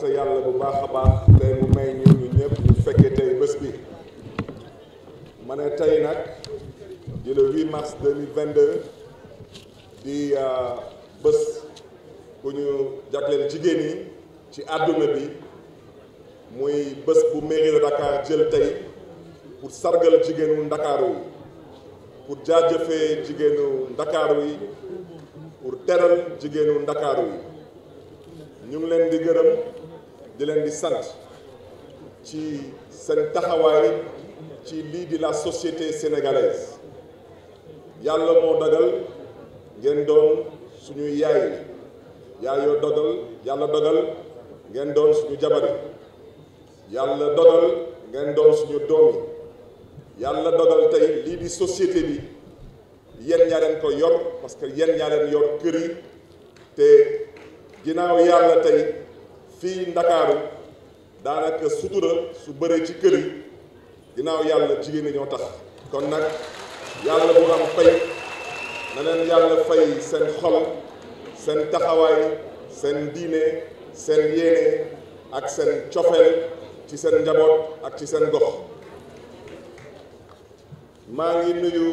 sant yàlla bu baax a baax tey mu may ñu ñu fekkee tey bés bi ma ne tey nag di le 8 mars 2022 di euh, bés bu ñu jagleel jigéen ñi ci àdduna bi muy bés bu mairie de Dakar jël tey pour sargal jigéenu Ndakaaru yi pour jaajëfee jigéenu Ndakaaru yi pour teral jigéenu Ndakaaru yi ñu ngi leen di gërëm di leen di sant ci seen taxawaay ci lii di la société sénégalaise yàlla moo dogal ngeen doon suñuy yaay yaay yoo dogal yàlla dogal ngeen doon suñu jabar yàlla dogal ngeen doon suñu doom yi yàlla dogal tey lii di société bi yéen ñaa leen ko yor parce que yéen ñaa leen te ginnaaw yàlla tey fii ndakaaru daanaka sutura su bëree ci kër dinaaw ginnaaw yàlla jigéen ñi ñoo tax kon nag yàlla bu am fay na leen yàlla fay seen xol seen taxawaay seen diine seen yéene ak seen cofeel ci seen njaboot ak ci seen gox maa ngi nuyu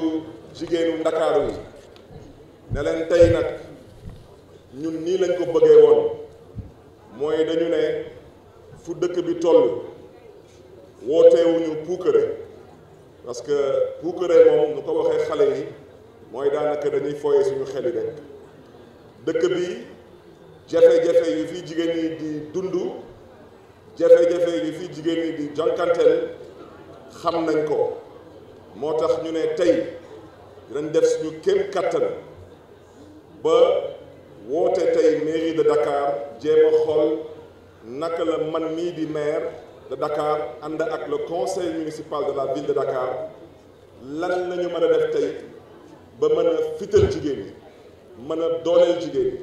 jigéenu ndakaaru yi ne tey nag ñun nii lañ ko bëggee woon mooy dañu ne fu dëkk bi toll wootewuñu puukare parce que puukare moom nu ko waxee xale yi mooy daanaka dañuy fooye suñu xel yi rek dëkk bi jafe-jafe yu fi jigéen ñi di dund jafe-jafe yi fi jigéen ñi di jànkanteel xam nañ ko moo tax ñu ne tey dañ def suñu kéem kàttan ba woote tey mairie de Dakar jéem a xool naka la man mii di maire de Dakar ànd ak le conseil municipal de la ville de Dakar lan la ñu mën a def tey ba mën a fital jigéen ñi mën a dooleel jigéen ñi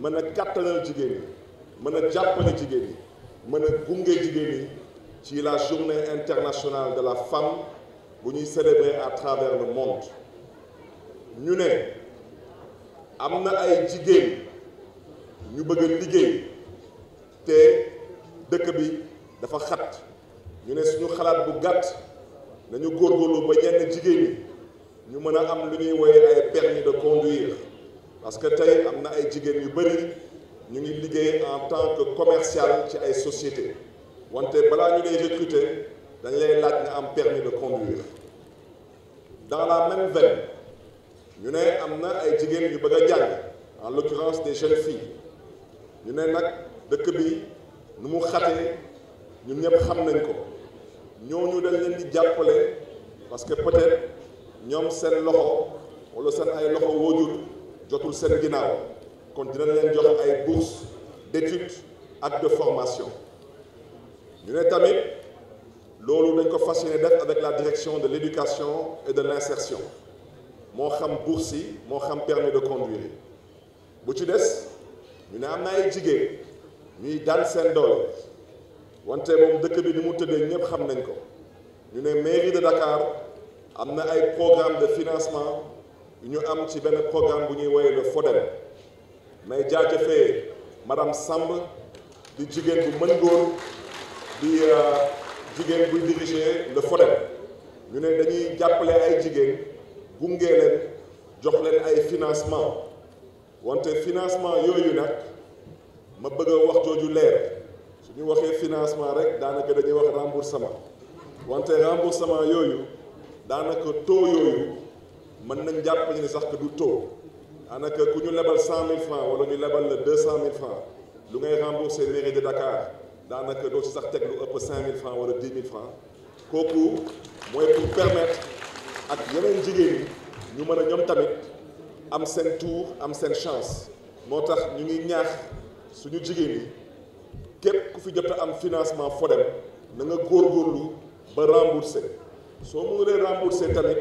mën a kàttanal jigéen ñi mën a jàppale jigéen ñi mën a gunge jigéen ñi ci la journée internationale de la femme bu ñuy célébrer à travers le monde ñu ne. am na ay jigéen ñu bëgg a liggéey te dëkk bi dafa xat ñu ne suñu xalaat bu gàtt nañu góorgóorlu ba yenn jigéen ñi ñu mën a am lu ñuy woye ay permis de conduire parce que tey am na ay jigéen yu bëri ñu ngi liggéey en tant que commercial ci ay société wante balaa ñu lay recruter dañ lay laaj nga am permis de conduire dans la même ñu ne am na ay jigéen yu bëgg a jàng en l'occurrence des jeunes filles ñu ne nag dëkk bi nu mu xatee ñun ñëpp xam nañ ko ñooñu dañ leen di jàppale parce que peut-être ñoom seen loxo wala seen ay loxo woojul jotul seen ginnaaw kon dinañ leen jox ay bourses d'études ak de formation ñu ne tamit loolu dañ ko fas yéene def avec la direction de l'éducation et de l'insertion moo xam bourse yi moo xam permis de conduire yi bu ci des ñu ne am na ay jigéen ñuy daan seen doole wante moom dëkk bi ni mu tëddee ñëpp xam nañ ko ñu ne mairie de Dakar am na ay programme de financement ñu am ci benn programme bu ñuy woowee le FODEM may jaajëfee madame Samb di jigéen bu mën góor di euh, jigéen buy diriger le FODEM ñu ne dañuy jàppale ay jigéen gunge leen jox leen ay financement wante financement yooyu nag ma bëgg a wax jooju leer su ñu waxee financement rek daanaka dañuy wax remboursement wante remboursement yooyu daanaka taux yooyu mën nañ jàpp ne sax que du taux daanaka ku ñu lebal cent mille francs wala ñu lebal la deux cent mille francs lu ngay rembourser mairie de Dakar daanaka doo ci sax teg lu ëpp cinq mille francs wala dix mille francs kooku mooy pour permettre ak yeneen jigéen ñu mën a ñoom tamit am seen tour am seen chance moo tax ñu ngi ñaax suñu jigéen yi képp ku fi jot am financement Fodem na góor góorgóorlu ba remboursé soo mënulee remboursé tamit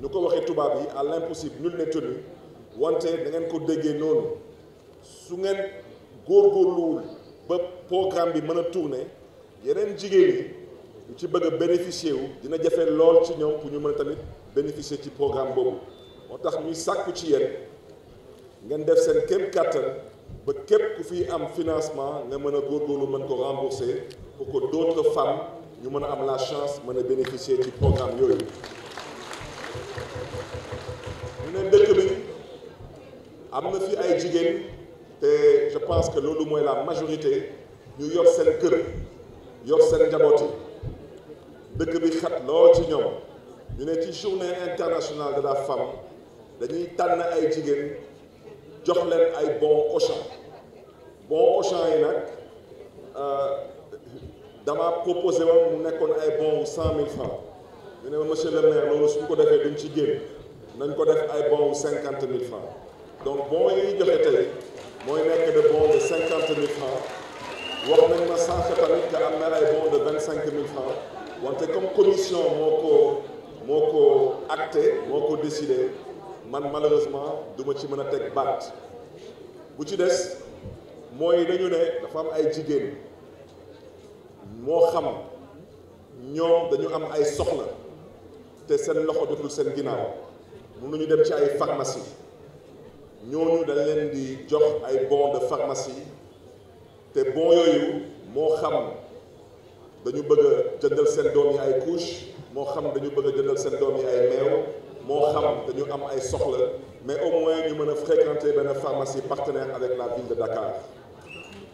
ñu ko waxee tubaab yi à l'impossible nul n'est tenu wante da ngeen ko déggee noonu su ngeen góorgóorluwul ba programme bi mën a tourné yeneen jigéen yi lu ci bëgg bénéficier wu dina jafe lool ci ñoom pour ñu mën a tamit bénéficier ci programme boobu moo tax ñuy sàkku ci yéen ngeen def seen kéem kàttan ba képp ku fi am financement nga mën a góorgóorlu mën ko rembourser pour ko d'autres femmes ñu mën a am la chance mën a bénéficier ci programme yooyu ñu ne dëkk bi am na fi ay jigéen te je pense que loolu mooy la majorité ñu yor seen kër yor seen njaboot yi dëkk bi xat lool ci ñoom ñu ne ci journée internationale de la femme tal na ay jigéen jox leen ay bon Auchan bon Auchan yi nag euh, dama proposé woon mu nekkoon ay bon cent mille francs ñu ne monsieur le maire loolu suñ ko defee duñ ci génn nañ ko def ay bon cinquante mille francs donc bon yi ñuy joxe tey mooy nekk de bon de cinquante mille francs wax nañ ma cent tamit que am na ay bon de vingt cinq mille francs wante comme commission moo ko moo ko acté moo ko décidé man malheureusement du ma ci mën a teg baat bu ci des mooy dañu ne dafa am ay jigéen moo xam ñoom dañu am ay soxla te seen loxo dootul seen ginnaaw mënuñu dem ci ay pharmacie ñooñu dañ leen di jox ay bon de pharmacie te bon yooyu moo xam dañu bëgg a jëndal seen doom yi ay couche moo xam dañu bëgg a jëndal seen doom yi ay meew moo xam dañu am ay soxla mais au moins ñu mën a fréquenter benn pharmacie partenaire avec la ville de Dakar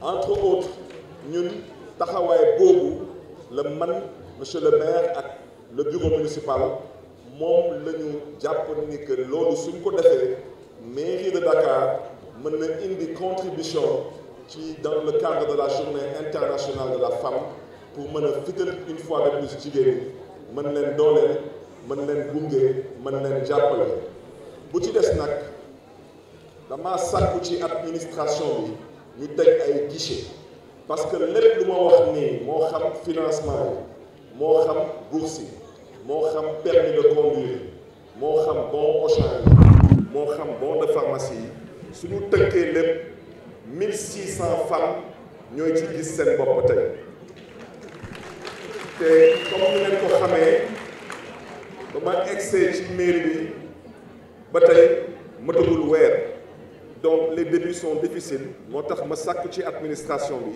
entre autres ñun taxawaay boobu la man monsieur le maire ak le bureau municipal moom la ñu jàpp ni que loolu suñ ko defee mairie de Dakar mën na indi contribution ci dans le cadre de la journée internationale de la femme pour mën a fital une fois de plus jigéen ñi mën leen dooleel mën leen gunge mën leen jàppale bu ci des nag dama sàkku ci administration bi ñu teg ay guichet parce que lépp lu wax nii moo xam financement yi moo xam bourse yi moo xam permis de conduire moo xam bon Auchan yi moo xam bon de pharmacie yi suñu tënkee lépp mille cent femmes ñooy ci gis seen bopp tey te comme ni ko xamee ba ma egsee ci mairie bi ba tey matagul weer donc les débuts sont difficiles moo tax ma sàkku ci administration bi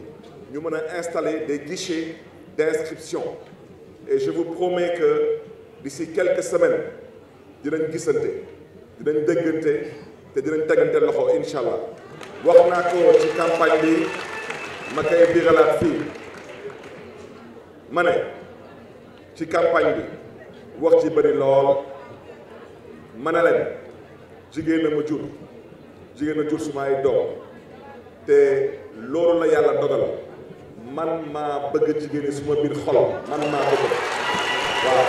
ñu mën a installer des guichets d'inscription et je vous promets que d'ici quelques semaines dinañ gisante dinañ dëggante te dinañ tegante loxo incha allah wax naa ko ci campagne bi ma koy biralaat fii mane ci campagne bi wax ci bari lool ma ne leen jigéen a ma jur jigéen a jur sumaay doom te loolu la yàlla dogal man maa bëgg jigéen suma biir xol man maa bëgg waaw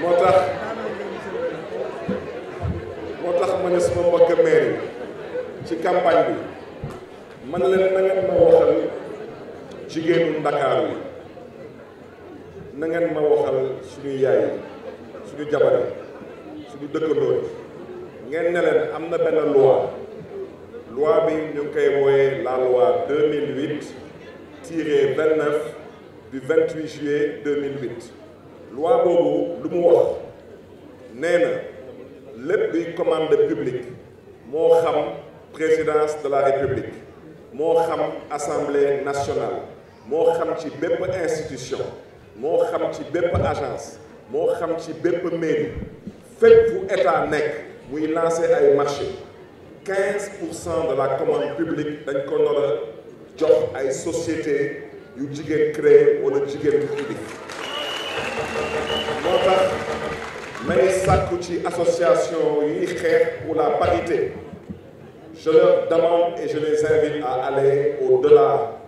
moo tax moo tax ma ne suma mbokk maire ci campagne bi man leen na ngeen ma waxal jigéenu Ndakaar yi na ngeen ma waxal suñu yaay suñu jabar suñu dëkkandoo ngeen ne leen am na benn loi loi bi ñu ngi koy wooyee la loi 2008 tiré 29 du 28 juillet 2008 loi boobu lu mu wax nee na lépp luy commande publique moo xam présidence de la république moo xam assemblée nationale moo xam ci bépp institution moo xam ci bépp agence moo xam ci bépp mairie fépp fu état nekk muy lancer ay marché quinze pour cent de la commande publique dañ ko nar jox ay société yu jigéen créé wala jigéen publique moo tax may sàkku ci association yi xeex pour la parité je leur demande et je les invite à aller au-delà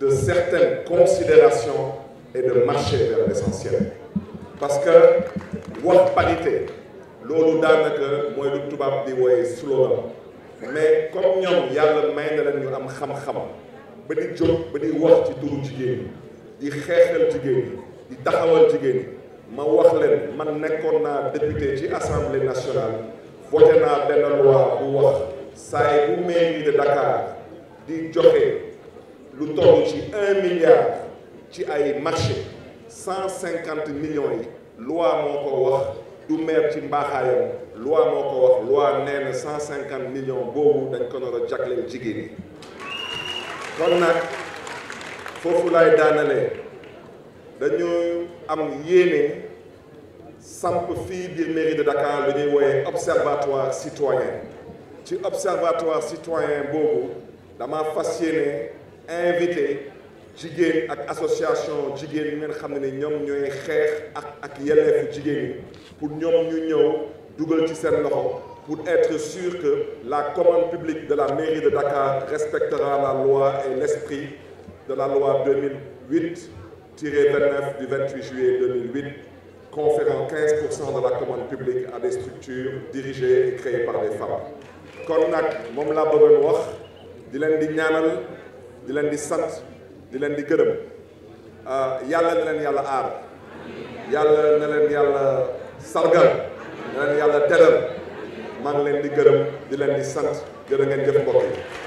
de certaines considérations et de marcher vers l'essentiel parce que wax parité loolu daanaka mooy lu tubaab di wooye slogan mais comme ñoom yàlla may na leen ñu am xam-xam ba di jóg ba di wax ci turu jigéen di xeexal jigéen ñi di taxawal jigéen ñi ma wax leen man nekkoon naa député ci assemblée nationale voté naa benn loi bu wax saay bu mairie de Dakar di joxe lu toll ci un milliard ci ay marché cent cinquante millions yi loi moo ko wax du maire ci mbaaxaayam loi moo ko wax loi nee na cent cinquante millions boobu dañ ko nar a jagleel jigéen ñi kon nag foofu laay daanalee dañu am yéene samp fii biir mairie de Dakar lu ñuy wooyee observatoire citoyen ci observatoire citoyen boobu dama fas invité jigéen ak association jigéen yi ngeen xam ne ni ñoom ñooy xeex ak ak yelleefu jigéen yi pour ñoom ñu ñëw dugal ci seen loxo pour être sûr que la commande publique de la mairie de Dakar respectera la loi et l'esprit de la loi 2008-29 du 28 juillet 2008 conférant 15% de la commande publique à des structures dirigées et créées par des femmes kon nag moom laa mu wax di leen di ñaanal di leen di sant di leen di gërëm ah, yàlla na leen yàlla aar yàlla na leen yàlla sargal na leen yàlla teral maa ngi leen di gërëm di leen di sant jërë ngeen jëf mbokk